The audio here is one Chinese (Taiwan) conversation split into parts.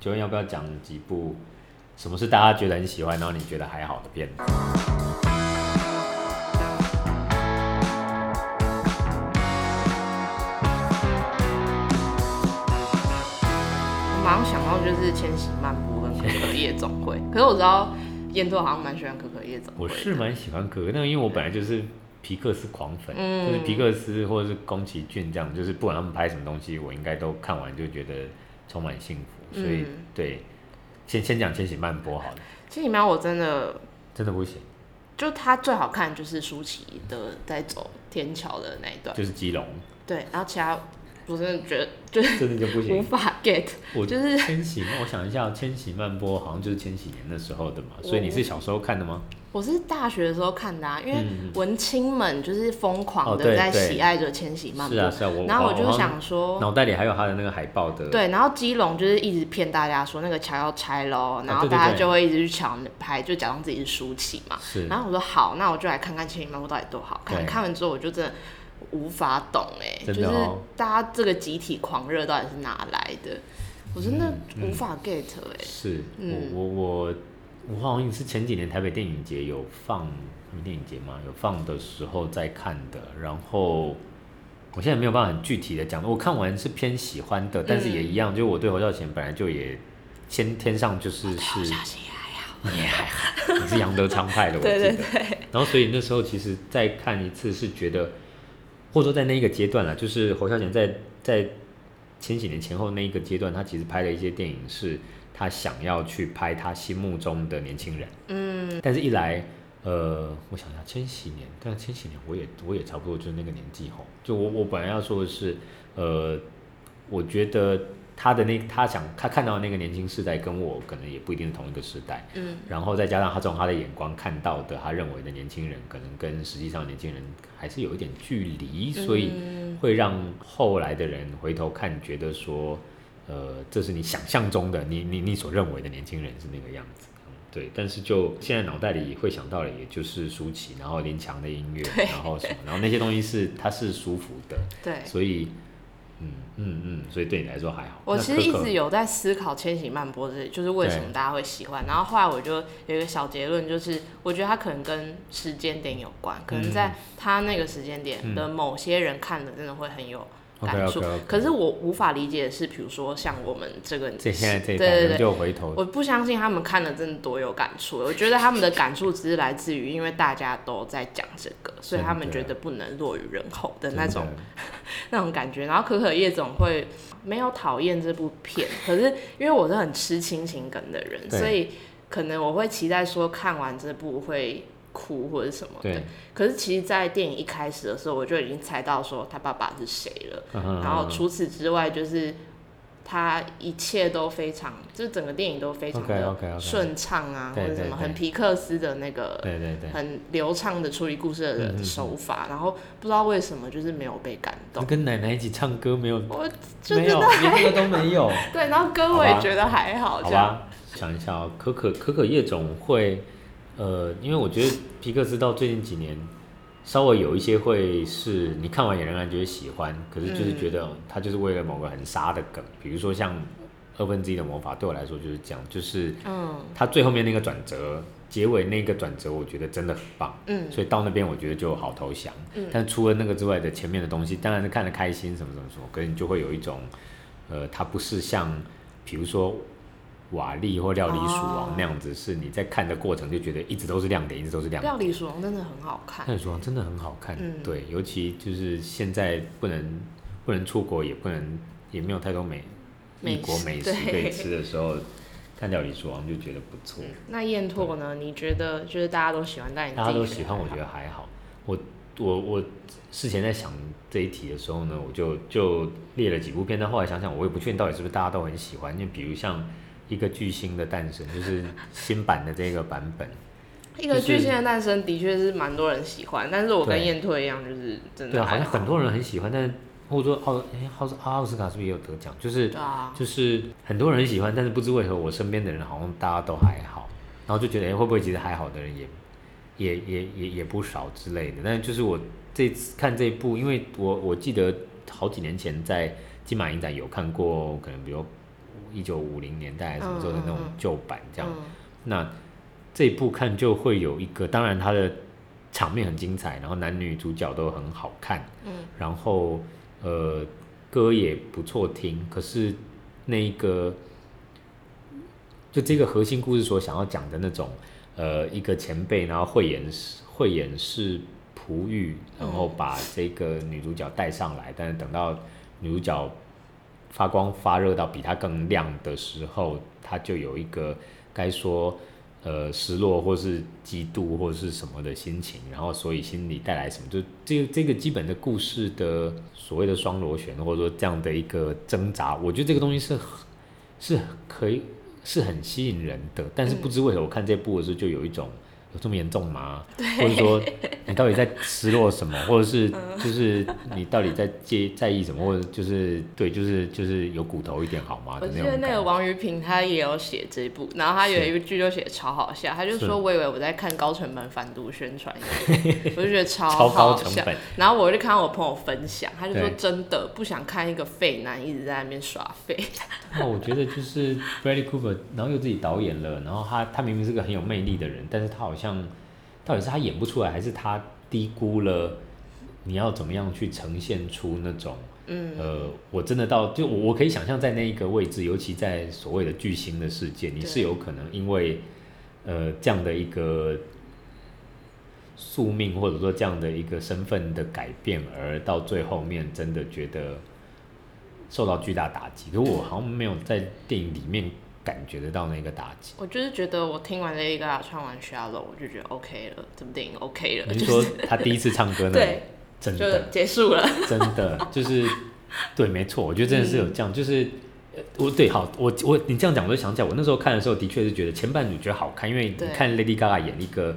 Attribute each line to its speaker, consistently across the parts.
Speaker 1: 究竟要不要講幾部？什麼是大家覺得很喜歡，然後你覺得還好的片子？
Speaker 2: 我馬上想到就是《千禧曼波》跟《可可夜總會，》 可是我知道硯拓好像蠻喜歡《可可夜總會》，
Speaker 1: 我是蠻喜歡可可，那個因為我本來就是皮克斯狂粉，嗯、就是皮克斯或者是宮崎駿這樣，就是不管他們拍什麼東西，我應該都看完就覺得充滿幸福。所以、嗯、對，先先講千禧曼波好了。
Speaker 2: 千禧曼，我真的真的不行。就它最好看就是舒淇的在走天橋的那一段。就是基隆。對，然後其他我真的覺得就是
Speaker 1: 真的就不行，無法
Speaker 2: get 我，就是。我就是千
Speaker 1: 禧，我想一下，千禧曼波好像就是千禧年的時候的嘛，嗯，所以你是小時候看的嗎？
Speaker 2: 我是大學的時候看的啊，因為文青們就是瘋狂的在喜愛着《千禧曼波》哦。是啊是啊，我。然後我就想說，哦、腦
Speaker 1: 袋裡還有他的那個海報的。對，
Speaker 2: 然後基隆就是一直騙大家說那個橋要拆嘍，然後大家、啊、對對對就會一直去搶拍，就假裝自己是舒淇嘛。是。然後我說好，那我就來看看《千禧曼波》到底多好看。看完之後，我就真的無法懂哎、欸哦，就是大家這個集體狂熱到底是哪來的？嗯、我真的無法 get 哎、嗯欸。
Speaker 1: 是，嗯，我我。我好像也是前幾年台北電影節有放電影節嘛，有放的時候在看的。然後我現在沒有辦法很具體的講，我看完是偏喜歡的、嗯，但是也一樣，就我對侯孝賢本來就也先天上就是、嗯上就是，你、啊、還好，你、嗯、 是楊德昌派的，我記得對對對。然後所以那時候其實再看一次是覺得，或者說在那一個階段啊，就是侯孝賢在在。在千禧年前後那一個階段，他其實拍了一些電影，是他想要去拍他心目中的年輕人。嗯，但是一來，呃，我想想，千禧年，但千禧年我也我也差不多就是那個年紀吼。就我我本來要說的是，呃，我覺得。他的那他想他看到的那個年輕世代跟我可能也不一定是同一個時代，嗯，然後再加上他從他的眼光看到的他認為的年輕人，可能跟實際上的年輕人還是有一點距離，所以會讓後來的人回頭看覺得說，嗯、呃，這是你想象中的，你你你所認為的年輕人是那個樣子，嗯、對。但是就現在腦袋裡會想到的，也就是舒淇，然後林強的音樂，然後什麼，然後那些東西是他是舒服的，對，所以。嗯嗯嗯，所以對你來說還好。我其實一直
Speaker 2: 有在思考《千禧曼波》這，就是為什麼大家會喜歡。然後後來我就有一個小結論，就是我覺得它可能跟時間點有關，嗯，可能在它那個時間點的某些人看了，真的會很有感觸。嗯、okay, okay, okay, okay. 可是我無法理解的是，比如說像我們這個年紀，對對對，就回頭，我不相信他們看了真的多有感觸。 我覺得他們的感觸只是來自於，因為大家都在講這個，所以他們覺得不能落於人後的那種的。 那種感覺，然後可可夜總會，沒有討厭這部片，可是因為我是很吃親情梗的人，所以可能我會期待說看完這部會哭或者什麼的。可是其實，在電影一開始的時候，我就已經猜到說他爸爸是誰了。Uh-huh. 然後除此之外，就是。他一切都非常，就是整個電影都非常的順暢啊，okay, okay, okay. 或者什麼很皮克斯的那個，對對對，很流暢的處理故事的手法對對對。然後不知道為什麼就是沒有被感動。
Speaker 1: 跟奶奶一起唱歌沒有，
Speaker 2: 我就真的沒有一個都
Speaker 1: 沒有。
Speaker 2: 對，然後歌我也覺得還好。好吧，這樣。
Speaker 1: 好吧，想一下哦，可可可可夜總會，呃，因為我覺得皮克斯到最近幾年。 稍微有一些會是你看完也仍然覺得喜歡，可是就是覺得他就是為了某個很殺的梗，嗯、比如說像二分之一的魔法，對我來說就是這樣，就是嗯，他最後面那個轉折，嗯、結尾那個轉折，我覺得真的很棒，嗯，所以到那邊我覺得就好投降，嗯，但是除了那個之外的前面的東西，當然是看得開心，什麼什麼什麼，可能你就會有一種，呃，它不是像比如說。瓦力或料理鼠王那樣子，是你在看的過程就覺得一直都是亮點，哦、一直都是亮點。
Speaker 2: 料理鼠王真的很好看，料理
Speaker 1: 鼠王真的很好看，嗯。對，尤其就是現在不能，嗯、不能出國，也不能也沒有太多美異國美食可以吃的時候，看料理鼠王就覺得不錯，嗯。
Speaker 2: 那硯拓呢？你覺得就是大家都喜歡？大大家都喜歡，我
Speaker 1: 覺得還好。嗯、我我我事前在想這一題的時候呢，嗯、我就就列了幾部片，但後來想想，我也不確定到底是不是大家都很喜歡，因為比如像。一個巨星的誕生，就是新版的這個版本。 就是、
Speaker 2: 一個巨星的誕生的確是蠻多人喜歡，但是我跟硯拓一樣，就是真的好對，好
Speaker 1: 像很多人很喜歡，但是或者說奧哎，奧斯奧斯卡是不是也有得獎？就是、啊、就是很多人很喜歡，但是不知為何我身邊的人好像大家都還好，然後就覺得哎、欸、會不會其實還好的人也也也也也不少之類的？但是就是我這次看這一部，因為我我記得好幾年前在金馬影展有看過，可能比如。一九五零年代什麼做的那種舊版這樣，oh, uh, uh, uh. 那這一部看就會有一個，當然它的場面很精彩，然後男女主角都很好看，嗯、uh, uh.，然後呃歌也不錯聽，可是那個就這個核心故事所想要講的那種，uh. 呃，一個前輩然後慧眼慧眼識璞玉，然後把這個女主角帶上來，uh. 但是等到女主角。發光發熱到比它更亮的時候，它就有一個該說呃失落，或是嫉妒，或是什麼的心情，然後所以心裡帶來什麼，就這個、這個基本的故事的所謂的雙螺旋或者說這樣的一個掙扎，我覺得這個東西是是很可以是很吸引人的，但是不知為何我看這部的時候就有一種。有這麼嚴重嗎？對。或者說你到底在失落什麼？ 或者是就是你到底在介在意什麼？ 或者就是對，就是就是有骨頭一點好嗎？我記得
Speaker 2: 那個王渝屏他也有寫這一部，然後他有一句就寫超好笑，他就說我以為我在看高成本反毒宣傳， 我就覺得超 超高成本。然後我就看到我朋友分享，他就說真的不想看一個廢男一直在那邊耍廢。
Speaker 1: 那我覺得就是 Bradley Cooper，然後又自己導演了，然後他他明明是個很有魅力的人，但是他好像。像，到底是他演不出來，還是他低估了你要怎麼樣去呈現出那種，嗯，呃，我真的到就我我可以想象，在那一個位置，尤其在所謂的巨星的世界，你是有可能因為呃這樣的一個宿命，或者說這樣的一個身份的改變，而到最後面真的覺得受到巨大打擊。如果我好像沒有在電影裡面，感覺得到那個打擊，
Speaker 2: 我就是覺得我聽完 Lady Gaga 唱完《Shallow》，我就覺得 OK 了，這部電影 OK 了。你說他第一次唱歌呢？ 對，真的就結束了，
Speaker 1: 真的就是對，沒錯，我覺得真的是有這樣，嗯、就是我對，好，我我你這樣講，我就想起來，我那時候看的時候的確是覺得前半段覺得好看，因為你看 Lady Gaga 演一個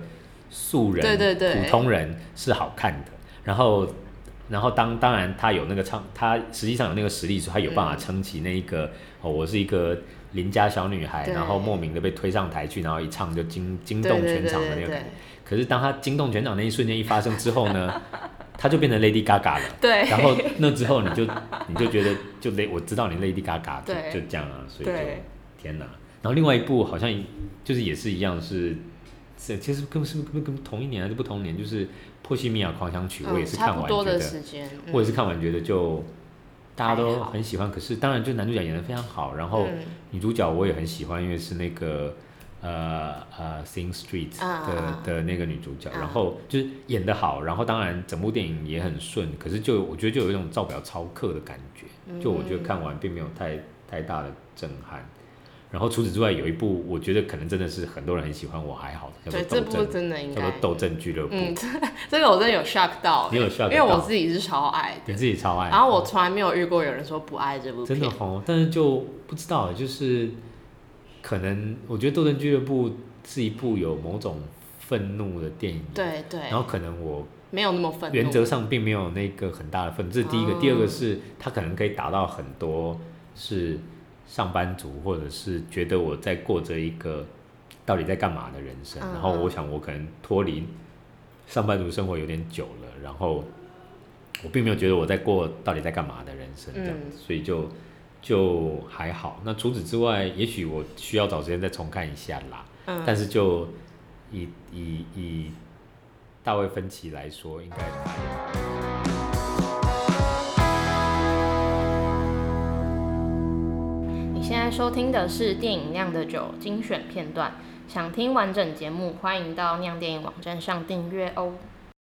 Speaker 1: 素人，對對對，對，普通人是好看的。然後，然後當當然他有那個唱，他實際上有那個實力的時候，他有辦法撐起那一個、嗯、哦，我是一個。鄰家小女孩，然後莫名的被推上台去，然後一唱就驚驚動全場的那個感覺對對對對對對可是當她驚動全場的那一瞬間一發生之後呢，她 就變成 Lady Gaga 了。對。然後那之後你就你就覺得就 Lady，我知道你 Lady Gaga，對就就這樣啊，所以就對天哪。然後另外一部好像就是也是一樣是，嗯就是其實跟是不是跟同一年還是不同年？就是《破西米爾狂想曲》嗯，我也是看完覺得時間、
Speaker 2: 嗯，我也是看
Speaker 1: 完覺得就。大家都很喜歡，可是當然就男主角演得非常好，然後女主角我也很喜歡，因為是那個呃呃 Sing Street 的，uh, 的那個女主角，uh. 然後就是演得好，然後當然整部電影也很順，可是就我覺得就有一種照表操課的感覺，uh -huh. 就我覺得看完並沒有太太大的震撼。然後除此之外，有一部我覺得可能真的是很多人很喜歡，我還好的。對，這部真的應該叫做《鬥陣俱樂部》嗯，
Speaker 2: 這。這個我真的有 shock, 有 shock 到。因為我自己是超愛
Speaker 1: 的。你自己超愛。然後
Speaker 2: 我從來沒有遇過有人說不愛這部。哦，真的
Speaker 1: 紅。哦，但是就不知道，就是可能我覺得《鬥陣俱樂部》是一部有某種憤怒的電影。
Speaker 2: 對對。然後可能我沒有那麼憤怒，原則上
Speaker 1: 並沒有那個很大的憤怒。哦，這是第一個，第二個是它可能可以達到很多是上班族，或者是覺得我在過着一個到底在幹嘛的人生，uh -huh. 然後我想我可能脫離上班族生活有點久了，然後我並沒有覺得我在過到底在幹嘛的人生這樣，uh -huh. 所以就就還好。那除此之外，也許我需要找時間再重看一下啦。Uh -huh. 但是就以以以大衛芬奇來說，應該。
Speaker 2: 收聽的是電影《釀的酒》精選片段，想聽完整節目，歡迎到釀電影網站上訂閱哦。